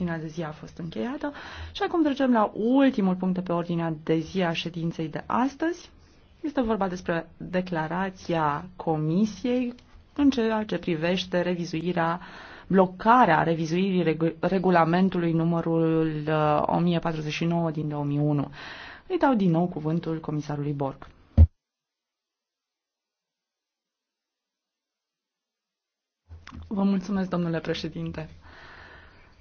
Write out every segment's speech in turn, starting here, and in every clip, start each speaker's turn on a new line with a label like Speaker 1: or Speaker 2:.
Speaker 1: ordinea de zi a fost încheiată și acum trecem la ultimul punct de pe ordinea de zi a ședinței de astăzi. Este vorba despre declarația Comisiei în ceea ce privește revizuirea blocarea revizuirii regu- regulamentului numărul 1049 uh, din 2001. Îi dau din nou cuvântul comisarului Borg. Vă mulțumesc, domnule președinte.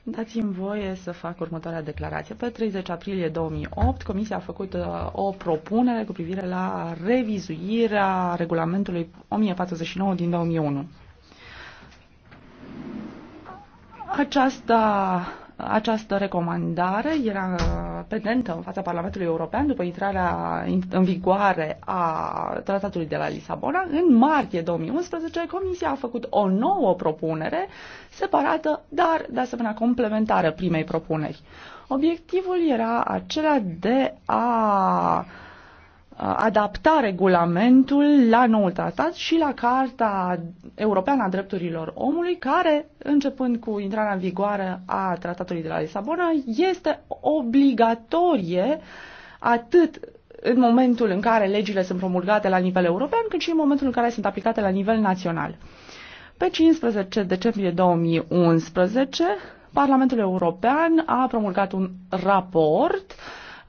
Speaker 1: Dați-mi voie să fac următoarea declarație. Pe 30 aprilie 2008, Comisia a făcut uh, o propunere cu privire la revizuirea regulamentului 1049 din 2001. Aceasta această recomandare era uh, pendentă în fața Parlamentului European după intrarea în vigoare a Tratatului de la Lisabona. În martie 2011, Comisia a făcut o nouă propunere separată, dar de asemenea complementară primei propuneri. Obiectivul era acela de a Uh, adapta regulamentul la noul tratat și la Carta Europeană a Drepturilor Omului, care, începând cu intrarea în vigoare a Tratatului de la Lisabona, este obligatorie atât în momentul în care legile sunt promulgate la nivel european, cât și în momentul în care sunt aplicate la nivel național. Pe 15 decembrie 2011, Parlamentul European a promulgat un raport uh,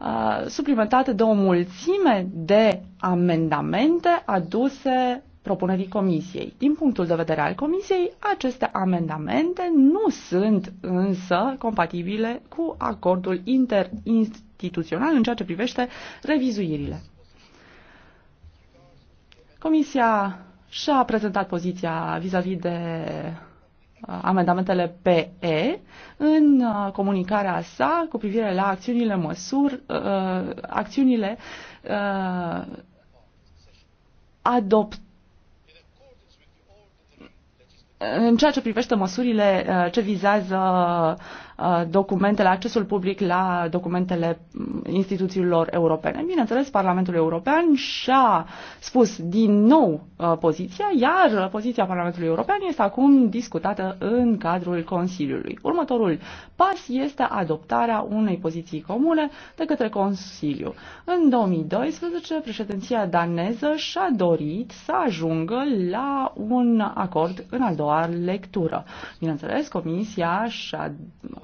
Speaker 1: Uh, suplimentate de o mulțime de amendamente aduse propunerii comisiei. Din punctul de vedere al comisiei, aceste amendamente nu sunt însă compatibile cu acordul interinstituțional în ceea ce privește revizuirile. Comisia și-a prezentat poziția vis-a-vis -vis de Uh, amendamentele PE în uh, comunicarea sa cu privire la acțiunile măsuri, uh, acțiunile adopt, în ceea ce privește măsurile ce vizează Uh, documentele, accesul public la documentele instituțiilor europene. Bineînțeles, Parlamentul European și-a spus din nou uh, poziția, iar poziția Parlamentului European este acum discutată în cadrul Consiliului. Următorul pas este adoptarea unei poziții comune de către Consiliu. În 2012, președinția daneză și-a dorit să ajungă la un acord în a doua lectură. Bineînțeles, Comisia și-a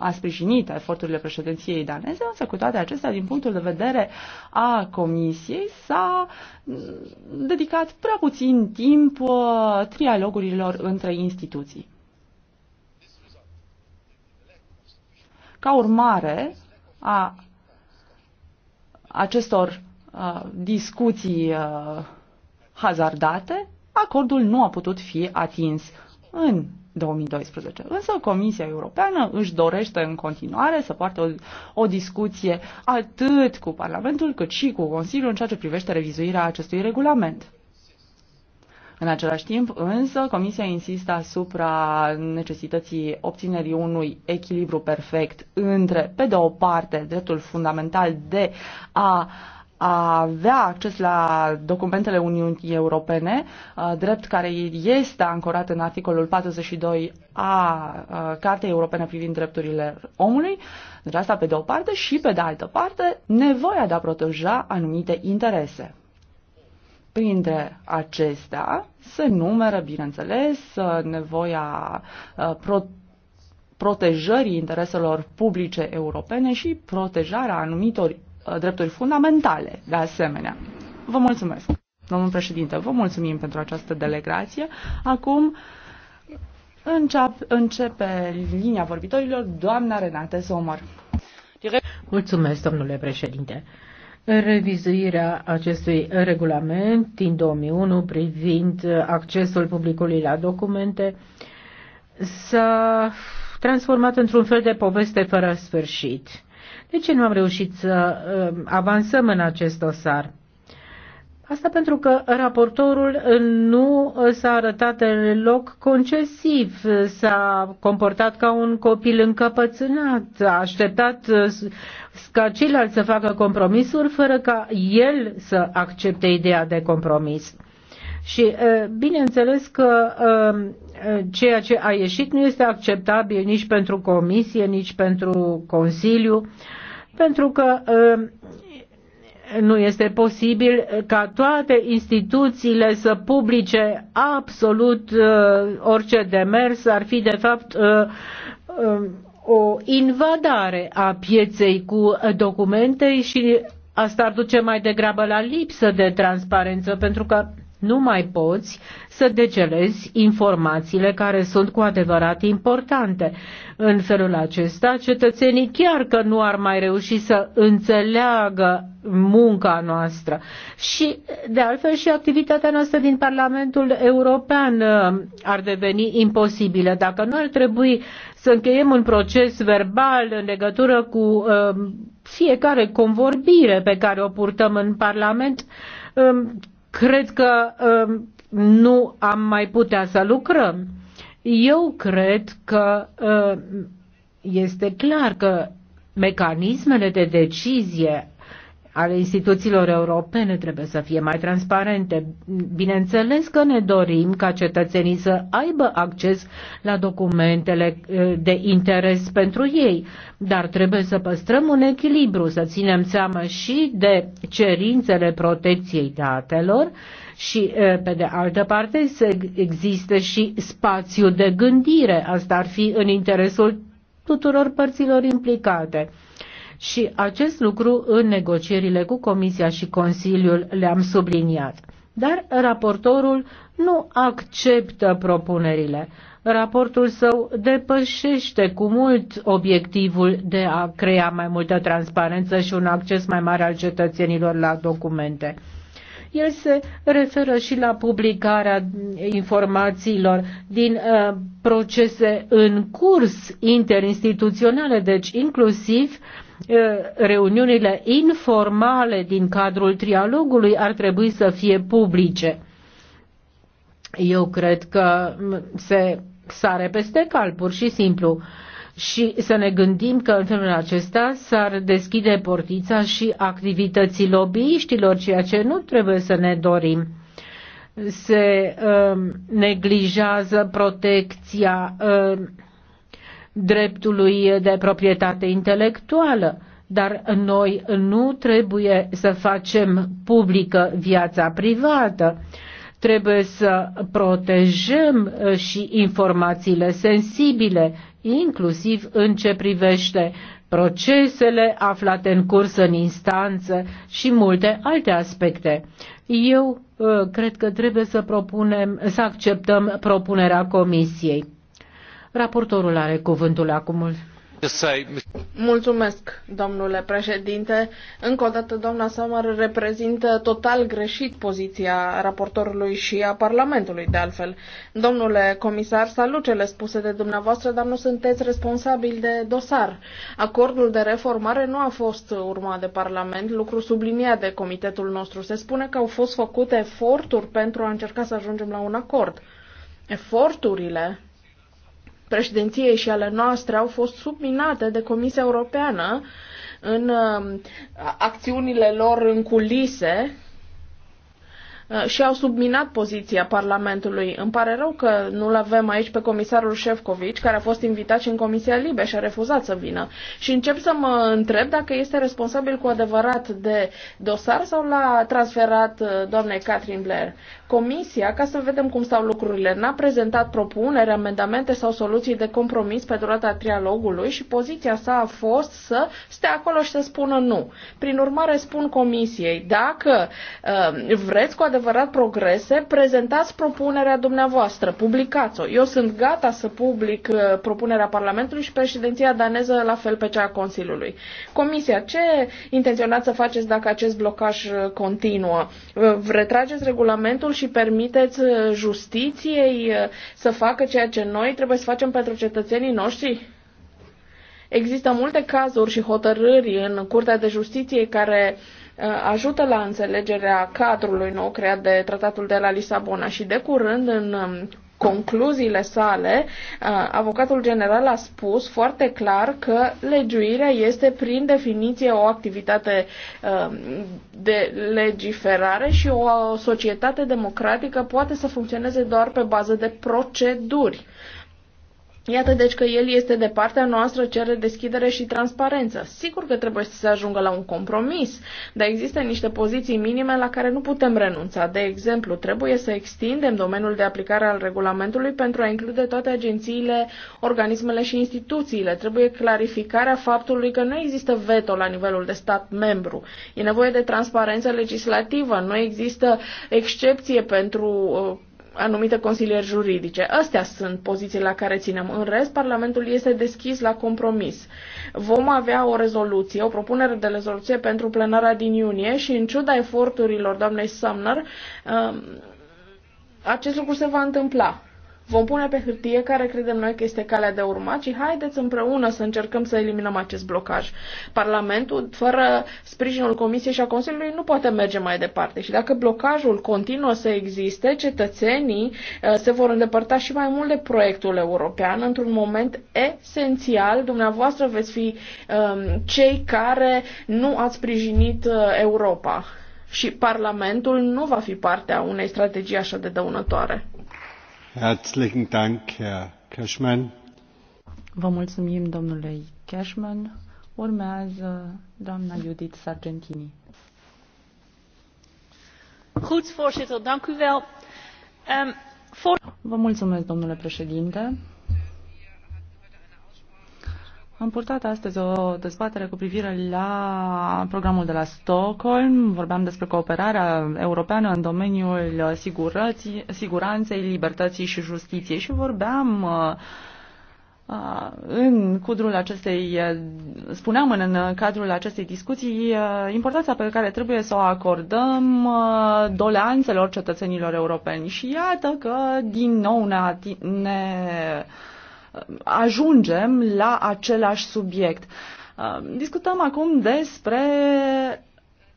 Speaker 1: a sprijinit eforturile președinției daneze, însă cu toate acestea, din punctul de vedere a Comisiei, s-a mm, dedicat prea puțin timp uh, trialogurilor între instituții. Ca urmare a acestor uh, discuții uh, hazardate, acordul nu a putut fi atins în 2012. Însă Comisia Europeană își dorește în continuare să poartă o, o discuție atât cu Parlamentul cât și cu Consiliul în ceea ce privește revizuirea acestui regulament. În același timp, însă, Comisia insistă asupra necesității obținerii unui echilibru perfect între, pe de o parte, dreptul fundamental de a uh, a avea acces la documentele Uniunii Europene, drept care este ancorat în articolul 42 a Cartei Europene privind drepturile omului, deci asta pe de o parte și pe de altă parte nevoia de a proteja anumite interese. Printre acestea se numără, bineînțeles, nevoia pro- protejării intereselor publice europene și protejarea anumitor Uh, drepturi fundamentale, de asemenea. Vă mulțumesc, domnul președinte, vă mulțumim pentru această delegație. Acum înceap, începe linia vorbitorilor doamna Renate
Speaker 2: Somor. Mulțumesc, domnule președinte. Revizuirea acestui regulament din 2001 privind accesul publicului la documente s-a transformat într-un fel de poveste fără sfârșit de ce nu am reușit să um, avansăm în acest dosar? Asta pentru că raportorul nu s-a arătat deloc concesiv, s-a comportat ca un copil încăpățânat, a așteptat uh, ca ceilalți să facă compromisuri fără ca el să accepte ideea de compromis. Și uh, bineînțeles că um, uh, ceea ce a ieșit nu este acceptabil nici pentru Comisie, nici pentru Consiliu, pentru că um, nu este posibil ca toate instituțiile să publice absolut uh, orice demers, ar fi de fapt um, o invadare a pieței cu documente și asta ar duce mai degrabă la lipsă de transparență, pentru că nu mai poți să decelezi informațiile care sunt cu adevărat importante. În felul acesta, cetățenii chiar că nu ar mai reuși să înțeleagă munca noastră. Și, de altfel, și activitatea noastră din Parlamentul European uh, ar deveni imposibilă. Dacă nu ar trebui să încheiem un proces verbal în legătură cu uh, fiecare convorbire pe care o purtăm în Parlament, um, cred că um, nu am mai putea să lucrăm. Eu cred că um, este clar că mecanismele de decizie ale instituțiilor europene trebuie să fie mai transparente. Bineînțeles că ne dorim ca cetățenii să aibă acces la documentele eh, de interes pentru ei, dar trebuie să păstrăm un echilibru, să ținem seama și de cerințele protecției datelor și, eh, pe de altă parte, să existe și spațiu de gândire. Asta ar fi în interesul tuturor părților implicate și acest lucru în negocierile cu Comisia și Consiliul le-am subliniat. Dar raportorul nu acceptă propunerile. Raportul său depășește cu mult obiectivul de a crea mai multă transparență și un acces mai mare al cetățenilor la documente. El se referă și la publicarea informațiilor din uh, procese în curs interinstituționale, deci inclusiv uh, reuniunile informale din cadrul trialogului ar trebui să fie publice. Eu cred că se sare peste cal, pur și simplu. Și să ne gândim că în felul acesta s-ar deschide portița și activității lobbyiștilor, ceea ce nu trebuie să ne dorim se uh, neglijează protecția uh, dreptului de proprietate intelectuală, dar noi nu trebuie să facem publică viața privată. Trebuie să protejăm uh, și informațiile sensibile, inclusiv în ce privește procesele aflate în curs în instanță și multe alte aspecte. Eu uh, cred că trebuie să propunem, să acceptăm propunerea Comisiei. Raportorul are cuvântul acum.
Speaker 3: Mulțumesc, domnule președinte. Încă o dată, doamna Samar reprezintă total greșit poziția raportorului și a Parlamentului, de altfel. Domnule comisar, salut cele spuse de dumneavoastră, dar nu sunteți responsabil de dosar. Acordul de reformare nu a fost urmat de Parlament, lucru subliniat de comitetul nostru. Se spune că au fost făcute eforturi pentru a încerca să ajungem la un acord. Eforturile președinției și ale noastre au fost subminate de Comisia Europeană în um, acțiunile lor în culise uh, și au subminat poziția Parlamentului. Îmi pare rău că nu-l avem aici pe comisarul Șefcovici, care a fost invitat și în Comisia Libe și a refuzat să vină. Și încep să mă întreb dacă este responsabil cu adevărat de dosar sau l-a transferat uh, doamnei Catherine Blair. Comisia, ca să vedem cum stau lucrurile, n-a prezentat propuneri, amendamente sau soluții de compromis pe durata trialogului și poziția sa a fost să stea acolo și să spună nu. Prin urmare, spun Comisiei, dacă uh, vreți cu adevărat progrese, prezentați propunerea dumneavoastră, publicați-o. Eu sunt gata să public uh, propunerea Parlamentului și președinția daneză la fel pe cea a Consiliului. Comisia, ce intenționați să faceți dacă acest blocaj uh, continuă? Uh, retrageți regulamentul și și permiteți uh, justiției uh, să facă ceea ce noi trebuie să facem pentru cetățenii noștri? Există multe cazuri și hotărâri în Curtea de Justiție care uh, ajută la înțelegerea cadrului nou creat de Tratatul de la Lisabona și de curând în um, concluziile sale, uh, avocatul general a spus foarte clar că legiuirea este prin definiție o activitate uh, de legiferare și o societate democratică poate să funcționeze doar pe bază de proceduri. Iată deci că el este de partea noastră, cere deschidere și transparență. Sigur că trebuie să se ajungă la un compromis, dar există niște poziții minime la care nu putem renunța. De exemplu, trebuie să extindem domeniul de aplicare al regulamentului pentru a include toate agențiile, organismele și instituțiile. Trebuie clarificarea faptului că nu există veto la nivelul de stat membru. E nevoie de transparență legislativă, nu există excepție pentru uh, anumite consilieri juridice. Astea sunt pozițiile la care ținem. În rest, Parlamentul este deschis la compromis. Vom avea o rezoluție, o propunere de rezoluție pentru plenara din iunie și în ciuda eforturilor doamnei Sumner, um, acest lucru se va întâmpla. Vom pune pe hârtie care credem noi că este calea de urmat și haideți împreună să încercăm să eliminăm acest blocaj. Parlamentul, fără sprijinul Comisiei și a Consiliului, nu poate merge mai departe. Și dacă blocajul continuă să existe, cetățenii uh, se vor îndepărta și mai mult de proiectul european într-un moment esențial. Dumneavoastră veți fi um, cei care nu ați sprijinit uh, Europa și Parlamentul nu va fi partea unei strategii așa de dăunătoare.
Speaker 4: Herzlichen Dank, Herr Cashman.
Speaker 1: Vă mulțumim, domnule Cashman. Urmează doamna Judith Sargentini.
Speaker 2: Goed, voorzitter, dank u wel. Um, voor...
Speaker 1: Vă mulțumesc, domnule președinte. Am purtat astăzi o dezbatere cu privire la programul de la Stockholm. Vorbeam despre cooperarea europeană în domeniul siguranței, libertății și justiției și vorbeam uh, uh, în cadrul acestei, uh, spuneam în cadrul acestei discuții, importanța pe care trebuie să o acordăm doleanțelor cetățenilor europeni. Și iată că din nou ne, ne ajungem la același subiect. Uh, discutăm acum despre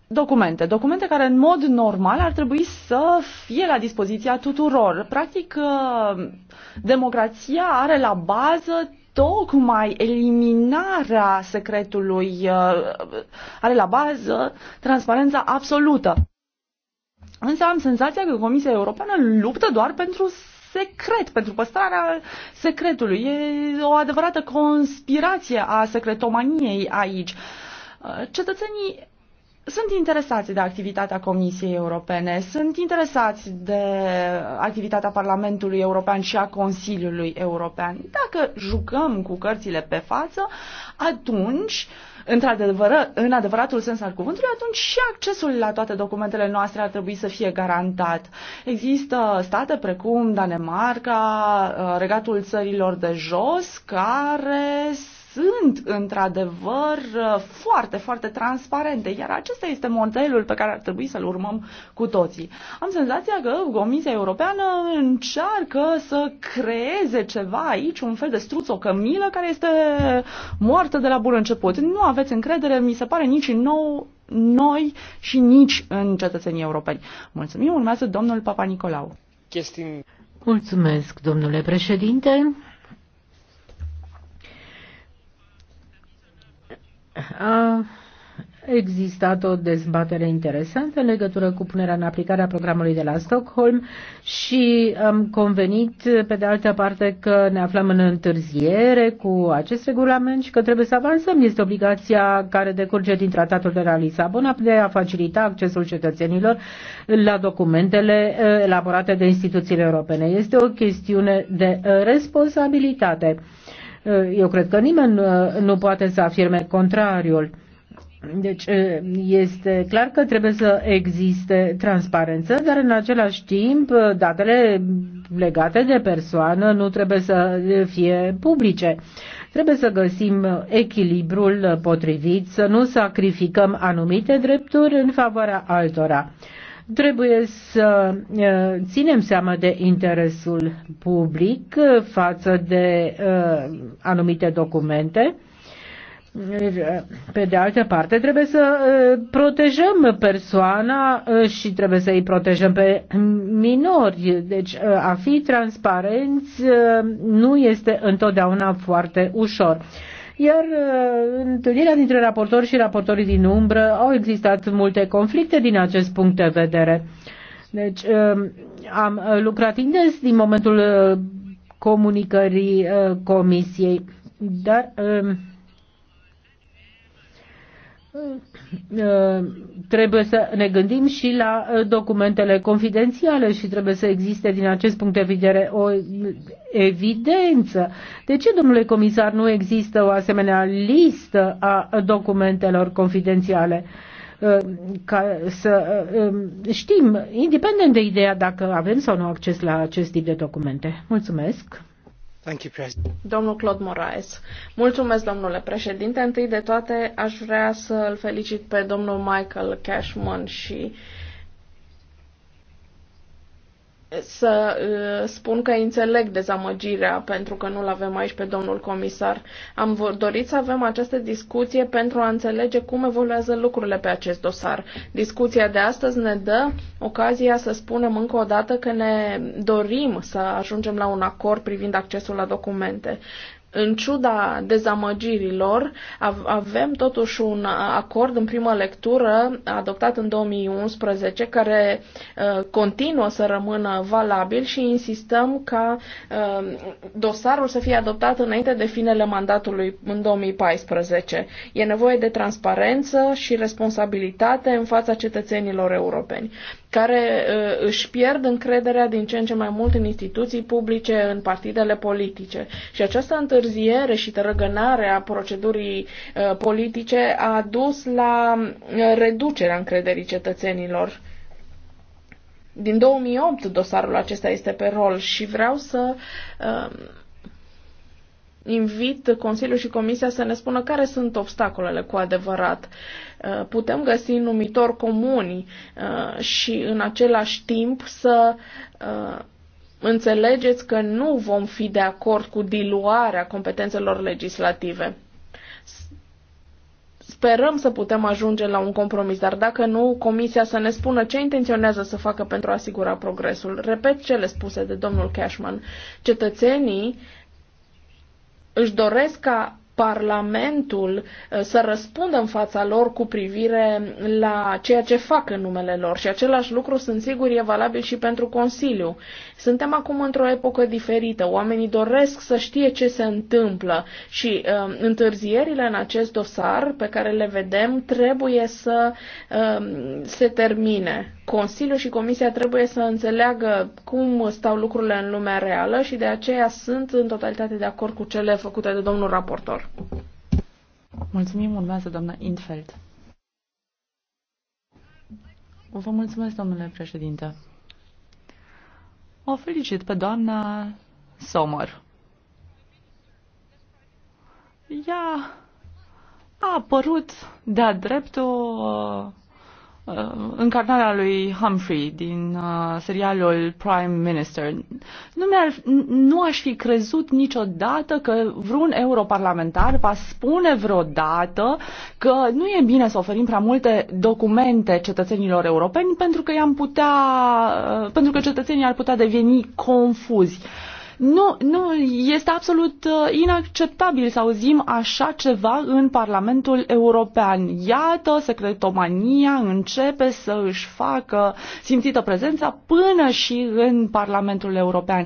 Speaker 1: documente. Documente care în mod normal ar trebui să fie la dispoziția tuturor. Practic, uh, democrația are la bază tocmai eliminarea secretului, uh, are la bază transparența absolută. Însă am senzația că Comisia Europeană luptă doar pentru secret, pentru păstrarea secretului. E o adevărată conspirație a secretomaniei aici. Uh, cetățenii sunt interesați de activitatea Comisiei Europene, sunt interesați de activitatea Parlamentului European și a Consiliului European. Dacă jucăm cu cărțile pe față, atunci uh, într-adevăr, în adevăratul sens al cuvântului, atunci și accesul la toate documentele noastre ar trebui să fie garantat. Există state precum Danemarca, uh, Regatul Țărilor de Jos, care sunt într-adevăr foarte, foarte transparente, iar acesta este modelul pe care ar trebui să-l urmăm cu toții. Am senzația că Comisia Europeană încearcă să creeze ceva aici, un fel de struț, cămilă care este moartă de la bun început. Nu aveți încredere, mi se pare, nici nou, noi și nici în cetățenii europeni. Mulțumim, urmează domnul Papa Nicolau.
Speaker 2: Chestii... Mulțumesc, domnule președinte. A existat o dezbatere interesantă în legătură cu punerea în aplicare a programului de la Stockholm și am convenit, pe de altă parte, că ne aflăm în întârziere cu acest regulament și că trebuie să avansăm. Este obligația care decurge din tratatul de la Lisabona de a facilita accesul cetățenilor la documentele elaborate de instituțiile europene. Este o chestiune de responsabilitate. Eh, eu cred că nimeni eh, nu poate să afirme contrariul. Deci eh, este clar că trebuie să existe transparență, dar în același timp datele legate de persoană nu trebuie să fie publice. Trebuie să găsim echilibrul potrivit, să nu sacrificăm anumite drepturi în favoarea altora. Trebuie să ținem seama de interesul public față de anumite documente. Pe de altă parte, trebuie să protejăm persoana și trebuie să îi protejăm pe minori. Deci, a fi transparenți nu este întotdeauna foarte ușor iar uh, întâlnirea dintre raportori și raportorii din umbră au existat multe conflicte din acest punct de vedere. Deci um, am uh, lucrat intens din momentul uh, comunicării comisiei, dar um, Ă, trebuie să ne gândim și la ă, documentele confidențiale și trebuie să existe din acest punct de vedere o evidență. De ce, domnule comisar, nu există o asemenea listă a documentelor confidențiale? Ă, ca să știm, independent de ideea dacă avem sau nu acces la acest tip de documente. Mulțumesc!
Speaker 3: Domnul Claude Moraes. Mulțumesc, domnule președinte. Întâi de toate, aș vrea să îl felicit pe domnul Michael Cashman și să uh, spun că înțeleg dezamăgirea pentru că nu-l avem aici pe domnul comisar. Am dorit să avem această discuție pentru a înțelege cum evoluează lucrurile pe acest dosar. Discuția de astăzi ne dă ocazia să spunem încă o dată că ne dorim să ajungem la un acord privind accesul la documente. În ciuda dezamăgirilor, avem totuși un acord în primă lectură adoptat în 2011 care uh, continuă să rămână valabil și insistăm ca uh, dosarul să fie adoptat înainte de finele mandatului în 2014. E nevoie de transparență și responsabilitate în fața cetățenilor europeni care uh, își pierd încrederea din ce în ce mai mult în instituții publice, în partidele politice. Și această întârziere și tărăgănare a procedurii uh, politice a dus la uh, reducerea încrederii cetățenilor. Din 2008 dosarul acesta este pe rol și vreau să invit Consiliul și Comisia să ne spună care sunt obstacolele cu adevărat. Uh, putem găsi numitori comuni uh, și în același timp să uh, înțelegeți că nu vom fi de acord cu diluarea competențelor legislative. Sperăm să putem ajunge la un compromis, dar dacă nu, Comisia să ne spună ce intenționează să facă pentru a asigura progresul. Repet cele spuse de domnul Cashman. Cetățenii își doresc ca Parlamentul uh, să răspundă în fața lor cu privire la ceea ce fac în numele lor și același lucru, sunt sigur, e valabil și pentru Consiliu. Suntem acum într-o epocă diferită, oamenii doresc să știe ce se întâmplă și uh, întârzierile în acest dosar pe care le vedem trebuie să uh, se termine Consiliul și Comisia trebuie să înțeleagă cum stau lucrurile în lumea reală și de aceea sunt în totalitate de acord cu cele făcute de domnul raportor.
Speaker 1: Mulțumim, urmează doamna Infeld. Vă mulțumesc, domnule președinte. O felicit pe doamna Sommer. Ea a apărut de-a dreptul Uh, încarnarea lui Humphrey din uh, serialul Prime Minister. Nu, mi-ar, nu aș fi crezut niciodată că vreun europarlamentar va spune vreodată că nu e bine să oferim prea multe documente cetățenilor europeni pentru că, i-am putea, uh, pentru că cetățenii ar putea deveni confuzi. Uh, nu, nu, este absolut uh, inacceptabil să auzim așa ceva în Parlamentul European. Iată, secretomania începe să își facă simțită prezența până și în Parlamentul European.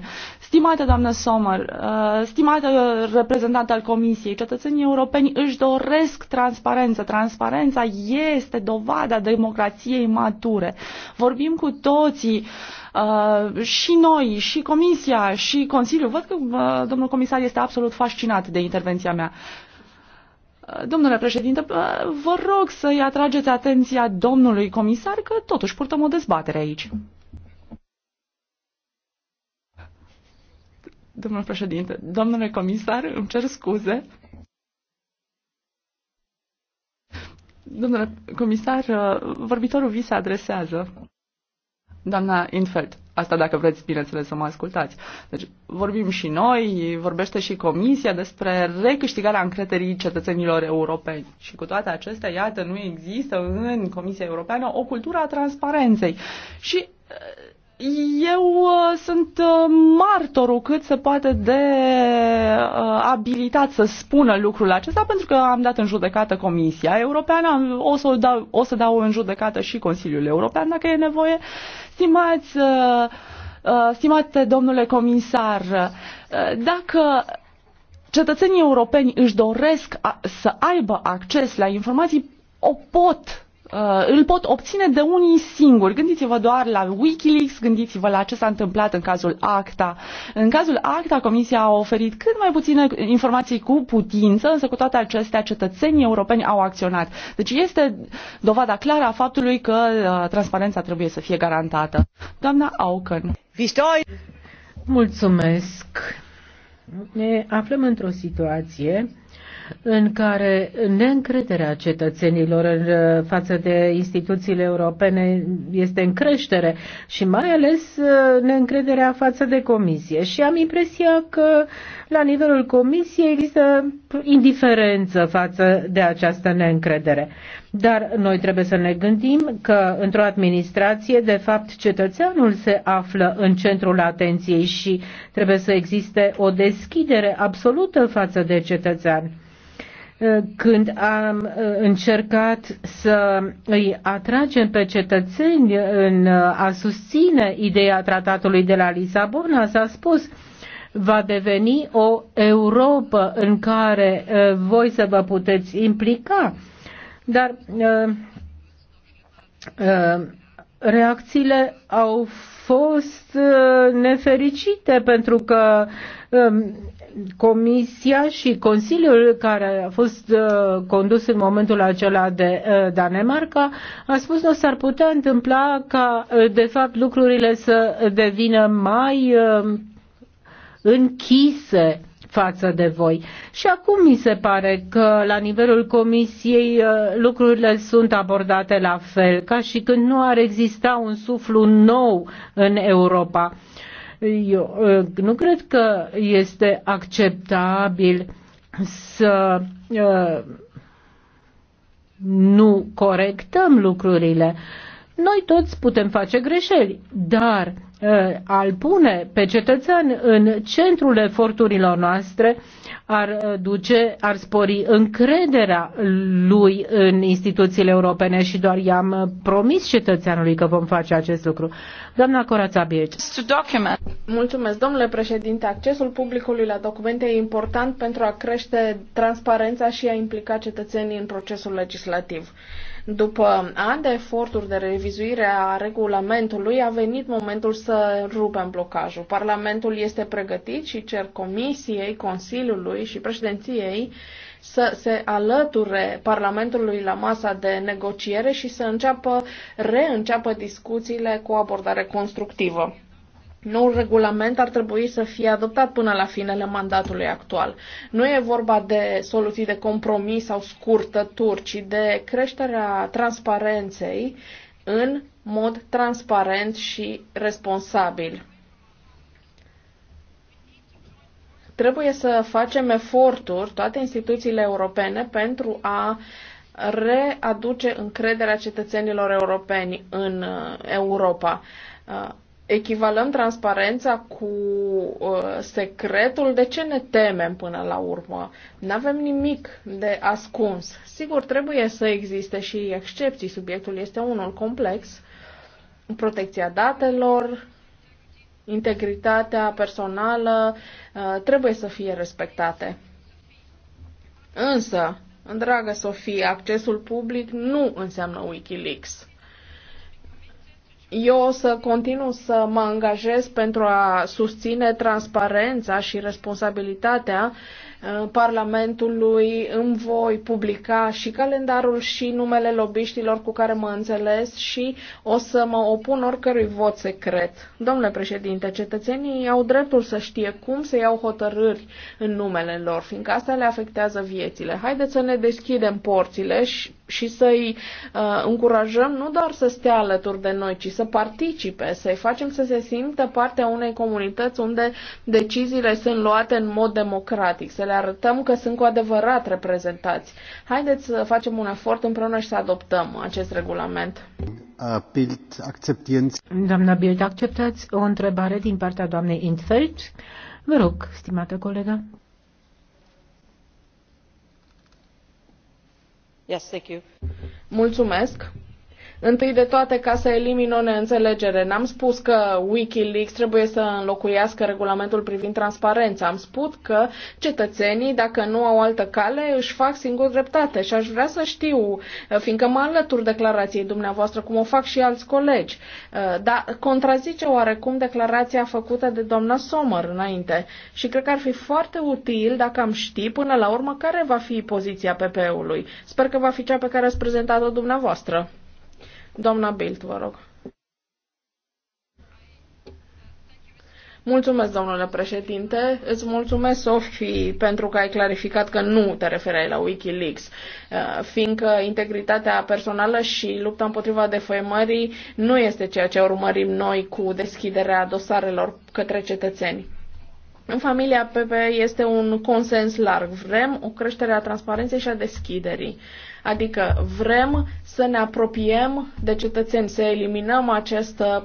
Speaker 1: Stimată doamnă Sommer, uh, stimată reprezentant al Comisiei, cetățenii europeni își doresc transparență. Transparența este dovada democrației mature. Vorbim cu toții, uh, și noi, și Comisia, și Consiliul. Văd că uh, domnul comisar este absolut fascinat de intervenția mea. Domnule președinte, vă rog să-i atrageți atenția domnului comisar că totuși purtăm o dezbatere aici. Domnule președinte, domnule comisar, îmi cer scuze. Domnule comisar, uh, vorbitorul vi se adresează. Doamna Infeld, asta dacă vreți, bineînțeles, să mă ascultați. Deci vorbim și noi, vorbește și Comisia despre recâștigarea încrederii cetățenilor europeni. Și cu toate acestea, iată, nu există în Comisia Europeană o cultură a transparenței. Și uh, eu uh, sunt uh, martorul cât se poate de uh, abilitat să spună lucrul acesta pentru că am dat în judecată Comisia Europeană, o să, dau, o să dau în judecată și Consiliul European dacă e nevoie. Stimați, stimate domnule comisar, dacă cetățenii europeni își doresc să aibă acces la informații, o pot Uh, îl pot obține de unii singuri. Gândiți-vă doar la Wikileaks, gândiți-vă la ce s-a întâmplat în cazul ACTA. În cazul ACTA, Comisia a oferit cât mai puține informații cu putință, însă cu toate acestea cetățenii europeni au acționat. Deci este dovada clară a faptului că uh, transparența trebuie să fie
Speaker 2: garantată. Doamna Auken. Mulțumesc. Ne aflăm într-o situație în care neîncrederea cetățenilor în uh, față de instituțiile europene este în creștere și mai ales uh, neîncrederea față de comisie. Și am impresia că la nivelul comisiei există indiferență față de această neîncredere. Dar noi trebuie să ne gândim că într-o administrație, de fapt, cetățeanul se află în centrul atenției și trebuie să existe o deschidere absolută față de cetățean când am uh, încercat să îi atragem pe cetățeni în uh, a susține ideea tratatului de la Lisabona, s-a spus va deveni o Europa în care uh, voi să vă puteți implica. Dar reacțiile au fost nefericite pentru că um, Comisia și Consiliul care a fost uh, condus în momentul acela de uh, Danemarca a spus că s-ar putea întâmpla ca uh, de fapt lucrurile să devină mai închise față de voi. Și acum mi se pare că la nivelul comisiei lucrurile sunt abordate la fel, ca și când nu ar exista un suflu nou în Europa. Eu uh, nu cred că este acceptabil să uh, nu corectăm lucrurile. Noi toți putem face greșeli, dar ă, al pune pe cetățean în centrul eforturilor noastre ar ă, duce, ar spori încrederea lui în instituțiile europene și doar i-am ă, promis cetățeanului că vom face acest lucru. Doamna Corața Bieci.
Speaker 3: Mulțumesc, domnule președinte. Accesul publicului la documente e important pentru a crește transparența și a implica cetățenii în procesul legislativ. După ani de eforturi de revizuire a regulamentului, a venit momentul să rupem blocajul. Parlamentul este pregătit și cer Comisiei, Consiliului și președinției să se alăture Parlamentului la masa de negociere și să înceapă, reînceapă discuțiile cu o abordare constructivă. Noul regulament ar trebui să fie adoptat până la finele mandatului actual. Nu e vorba de soluții de compromis sau scurtături, ci de creșterea transparenței în mod transparent și responsabil. Trebuie să facem eforturi, toate instituțiile europene, pentru a readuce încrederea cetățenilor europeni în uh, Europa uh, echivalăm transparența cu uh, secretul, de ce ne temem până la urmă? Nu avem nimic de ascuns. Sigur, trebuie să existe și excepții. Subiectul este unul complex. Protecția datelor, integritatea personală uh, trebuie să fie respectate. Însă, dragă Sofie, accesul public nu înseamnă Wikileaks eu o să continu să mă angajez pentru a susține transparența și responsabilitatea uh, Parlamentului. Îmi voi publica și calendarul și numele lobiștilor cu care mă înțeles și o să mă opun oricărui vot secret. Domnule președinte, cetățenii au dreptul să știe cum să iau hotărâri în numele lor, fiindcă asta le afectează viețile. Haideți să ne deschidem porțile și, și să-i uh, încurajăm nu doar să stea alături de noi, ci să participe, să-i facem să se simtă partea unei comunități unde deciziile sunt luate în mod democratic, să le arătăm că sunt cu adevărat reprezentați. Haideți să facem un efort împreună și să adoptăm acest regulament.
Speaker 2: Doamna Bild, acceptați o întrebare din partea doamnei Intfeld? Vă rog,
Speaker 3: stimată colegă. Yes, thank you. Mulțumesc. Întâi de toate, ca să elimin o neînțelegere, n-am spus că Wikileaks trebuie să înlocuiască regulamentul privind transparența. Am spus că cetățenii, dacă nu au altă cale, își fac singur dreptate și aș vrea să știu, fiindcă mă alătur declarației dumneavoastră, cum o fac și alți colegi, uh, dar contrazice oarecum declarația făcută de doamna Sommer înainte și cred că ar fi foarte util dacă am ști până la urmă care va fi poziția PP-ului. Sper că va fi cea pe care ați prezentat-o dumneavoastră. Doamna Bilt, vă rog. Mulțumesc, domnule președinte. Îți mulțumesc, Sofie, pentru că ai clarificat că nu te referai la Wikileaks, uh, fiindcă integritatea personală și lupta împotriva defăimării nu este ceea ce urmărim noi cu deschiderea dosarelor către cetățeni. În familia PP este un consens larg. Vrem o creștere a transparenței și a deschiderii. Adică vrem să ne apropiem de cetățeni, să eliminăm acest uh,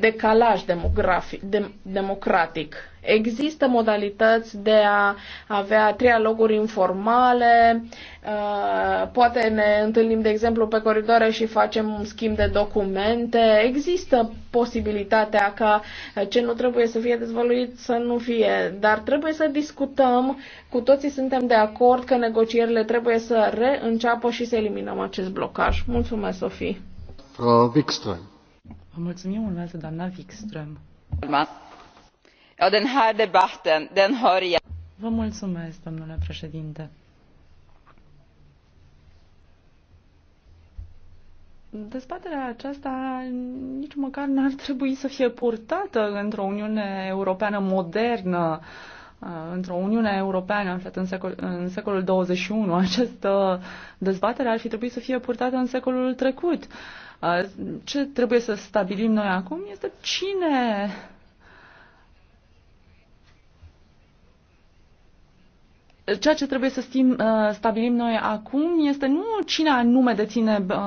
Speaker 3: decalaj demografic, de, democratic Există modalități de a avea trialoguri informale, uh, poate ne întâlnim, de exemplu, pe coridoare și facem un schimb de documente. Există posibilitatea ca ce nu trebuie să fie dezvăluit să nu fie, dar trebuie să discutăm. Cu toții suntem de acord că negocierile trebuie să reînceapă și să eliminăm acest blocaj. Mulțumesc, Sofie.
Speaker 4: Frau Wikström. Vă
Speaker 1: mulțumim, urmează doamna Wikström domnule președinte. Dezbaterea aceasta nici măcar n-ar trebui să fie purtată într-o Uniune Europeană modernă, uh, într-o Uniune Europeană aflată în, secol, în secolul 21. Această dezbatere ar fi trebuit să fie purtată în secolul trecut. Uh, ce trebuie să stabilim noi acum este cine ceea ce trebuie să stim, uh, stabilim noi acum este nu cine anume deține uh,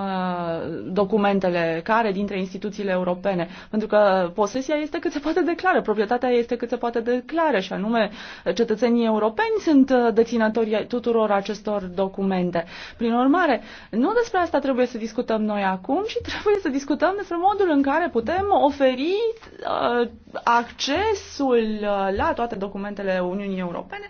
Speaker 1: documentele, care dintre instituțiile europene, pentru că posesia este cât se poate declară, proprietatea este cât se poate declară și anume cetățenii europeni sunt uh, deținătorii tuturor acestor documente. Prin urmare, nu despre asta trebuie să discutăm noi acum, ci trebuie să discutăm despre modul în care putem oferi accesul la toate documentele Uniunii Europene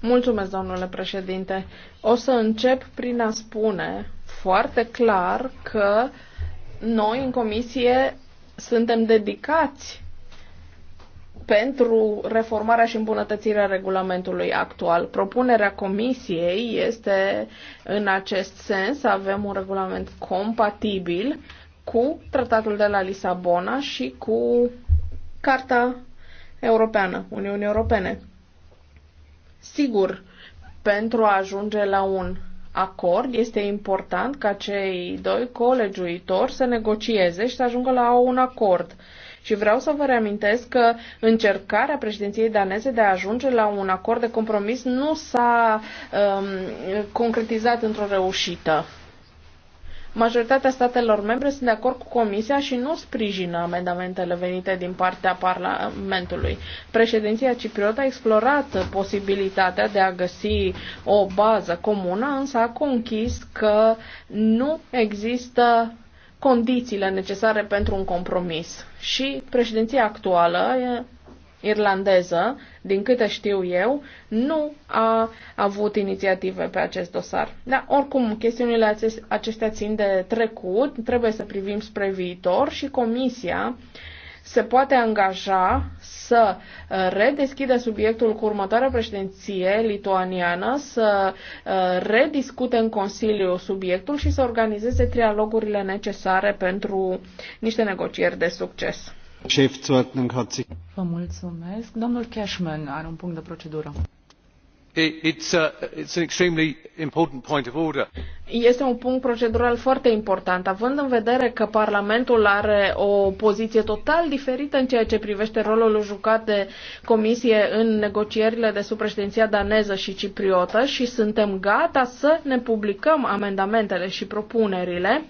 Speaker 3: Mulțumesc, domnule președinte. O să încep prin a spune foarte clar că noi în comisie suntem dedicați pentru reformarea și îmbunătățirea regulamentului actual. Propunerea comisiei este în acest sens, avem un regulament compatibil cu tratatul de la Lisabona și cu Carta europeană, Uniunii Europene. Sigur, pentru a ajunge la un acord, este important ca cei doi colegiuitori să negocieze și să ajungă la un acord. Și vreau să vă reamintesc că încercarea președinției daneze de a ajunge la un acord de compromis nu s-a um, concretizat într-o reușită. Majoritatea statelor membre sunt de acord cu Comisia și nu sprijină amendamentele venite din partea Parlamentului. Președinția cipriotă a explorat posibilitatea de a găsi o bază comună, însă a conchis că nu există condițiile necesare pentru un compromis. Și președinția actuală irlandeză, din câte știu eu, nu a avut inițiative pe acest dosar. Dar, oricum, chestiunile acestea țin de trecut, trebuie să privim spre viitor și Comisia se poate angaja să uh, redeschidă subiectul cu următoarea președinție lituaniană, să uh, rediscute în Consiliu subiectul și să organizeze trialogurile necesare pentru niște negocieri de succes.
Speaker 1: Vă mulțumesc. Domnul Cashman are un punct de procedură.
Speaker 3: Este un punct procedural foarte important, având în vedere că Parlamentul are o poziție total diferită în ceea ce privește rolul jucat de Comisie în negocierile de sub președinția daneză și cipriotă și suntem gata să ne publicăm amendamentele și propunerile.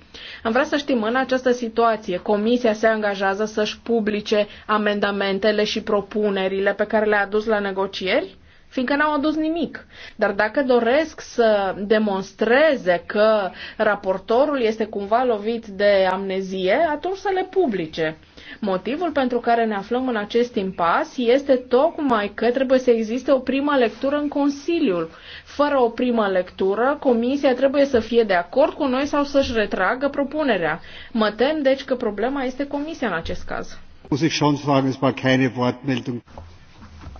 Speaker 3: Am vrea să știm în această situație, Comisia se angajează să-și publice amendamentele și propunerile pe care le-a adus la negocieri? fiindcă n-au adus nimic. Dar dacă doresc să demonstreze că raportorul este cumva lovit de amnezie, atunci să le publice. Motivul pentru care ne aflăm în acest impas este tocmai că trebuie să existe o primă lectură în Consiliul. Fără o primă lectură, Comisia trebuie să fie de acord cu noi sau să-și retragă propunerea. Mă tem, deci, că problema este Comisia în acest caz.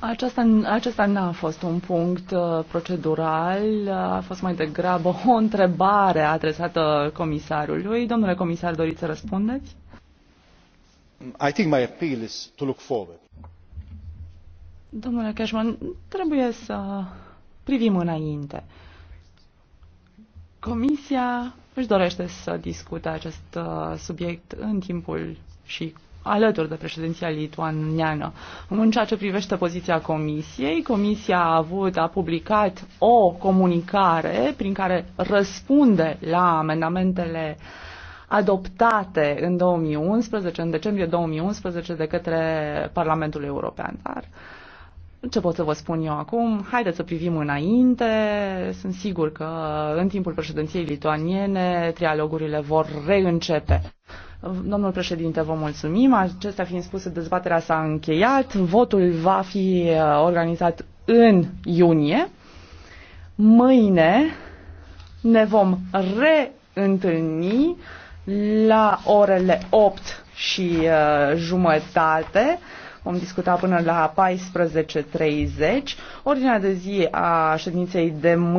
Speaker 3: Aceasta, acesta n-a fost un punct uh,
Speaker 1: procedural, uh, a fost mai degrabă o întrebare adresată comisarului. Domnule comisar, doriți să răspundeți?
Speaker 2: I think my appeal is to look forward.
Speaker 1: Domnule Cashman, trebuie să privim înainte. Comisia își dorește să discute acest uh, subiect în timpul și alături de președinția lituaniană. În ceea ce privește poziția Comisiei, Comisia a avut, a publicat o comunicare prin care răspunde la amendamentele adoptate în 2011, în decembrie 2011, de către Parlamentul European. Dar ce pot să vă spun eu acum? Haideți să privim înainte. Sunt sigur că în timpul președinției lituaniene trialogurile vor reîncepe. Domnul președinte, vă mulțumim. Acestea fiind spuse, dezbaterea s-a încheiat. Votul va fi uh, organizat în iunie. Mâine ne vom reîntâlni la orele 8 și uh, jumătate. Vom discuta până la 14.30. Ordinea de zi a ședinței de mâine.